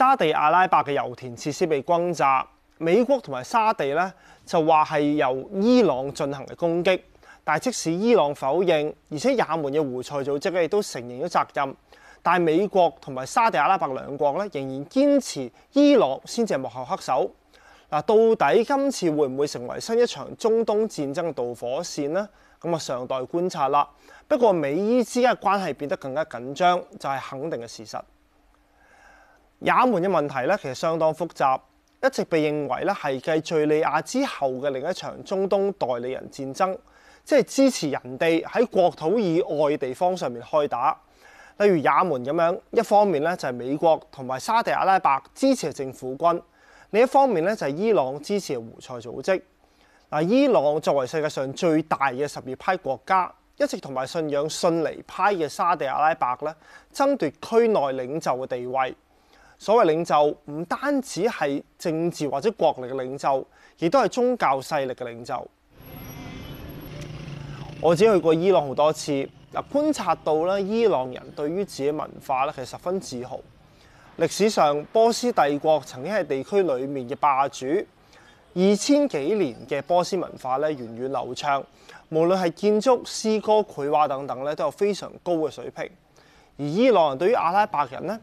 沙地阿拉伯嘅油田設施被轟炸，美國同埋沙地咧就話係由伊朗進行嘅攻擊，但係即使伊朗否認，而且也門嘅胡塞組織亦都承認咗責任，但係美國同埋沙地阿拉伯兩國咧仍然堅持伊朗先至係幕後黑手。嗱，到底今次會唔會成為新一場中東戰爭嘅導火線呢？咁啊，尚待觀察啦。不過美伊之間嘅關係變得更加緊張，就係肯定嘅事實。也門嘅問題咧，其實相當複雜，一直被認為咧係繼敍利亞之後嘅另一場中東代理人戰爭，即係支持人哋喺國土以外地方上面開打，例如也門咁樣。一方面咧就係美國同埋沙地阿拉伯支持政府軍，另一方面咧就係伊朗支持胡塞組織。嗱，伊朗作為世界上最大嘅什葉派國家，一直同埋信仰遜尼派嘅沙地阿拉伯咧爭奪區內領袖嘅地位。所謂領袖唔單止係政治或者國力嘅領袖，亦都係宗教勢力嘅領袖。我只去過伊朗好多次，嗱，觀察到咧，伊朗人對於自己文化咧其實十分自豪。歷史上波斯帝國曾經係地區裏面嘅霸主，二千幾年嘅波斯文化咧源遠流長，無論係建築、詩歌、繪畫等等咧，都有非常高嘅水平。而伊朗人對於阿拉伯人呢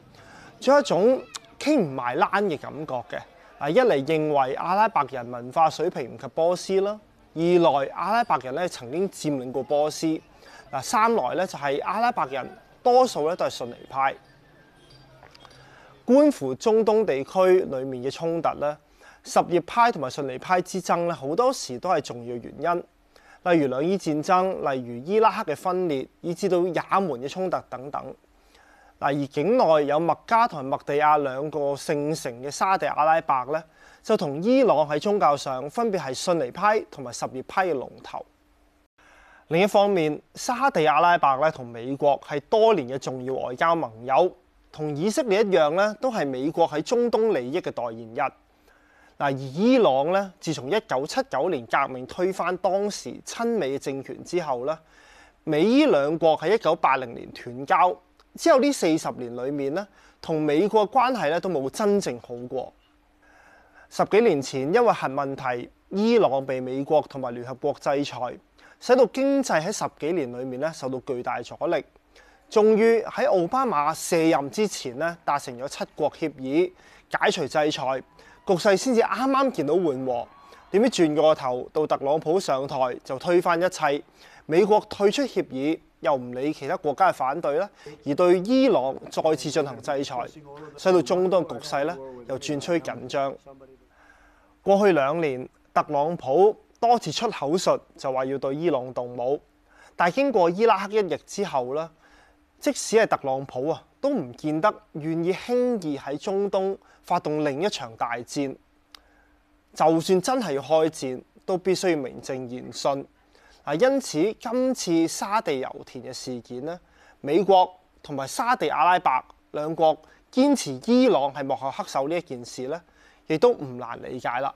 仲有一種傾唔埋欄嘅感覺嘅。啊，一嚟認為阿拉伯人文化水平唔及波斯啦；二來阿拉伯人咧曾經佔領過波斯；嗱三來咧就係阿拉伯人多數咧都係遜尼派。關乎中東地區裏面嘅衝突咧，什葉派同埋遜尼派之爭咧，好多時都係重要原因。例如兩伊戰爭，例如伊拉克嘅分裂，以至到也門嘅衝突等等。嗱，而境內有麥加同麥地亞兩個聖城嘅沙地阿拉伯咧，就同伊朗喺宗教上分別係遜尼派同埋什葉派嘅龍頭。另一方面，沙地阿拉伯咧同美國係多年嘅重要外交盟友，同以色列一樣咧，都係美國喺中東利益嘅代言人。嗱，而伊朗咧，自從一九七九年革命推翻當時親美政權之後咧，美伊兩國喺一九八零年斷交。之後呢四十年裏面呢，同美國嘅關係咧都冇真正好過。十幾年前因為核問題，伊朗被美國同埋聯合國制裁，使到經濟喺十幾年裏面咧受到巨大阻力。終於喺奧巴馬卸任之前呢，達成咗七國協議，解除制裁，局勢先至啱啱見到緩和。點知轉個頭到特朗普上台就推翻一切，美國退出協議。又唔理其他國家嘅反對咧，而對伊朗再次進行制裁，使到中東局勢咧又轉趨緊張。過去兩年，特朗普多次出口術就話要對伊朗動武，但係經過伊拉克一役之後咧，即使係特朗普啊，都唔見得願意輕易喺中東發動另一場大戰。就算真係要開戰，都必須要名正言順。啊，因此今次沙地油田嘅事件呢，美國同埋沙地阿拉伯兩國堅持伊朗係幕後黑手呢一件事咧，亦都唔難理解啦。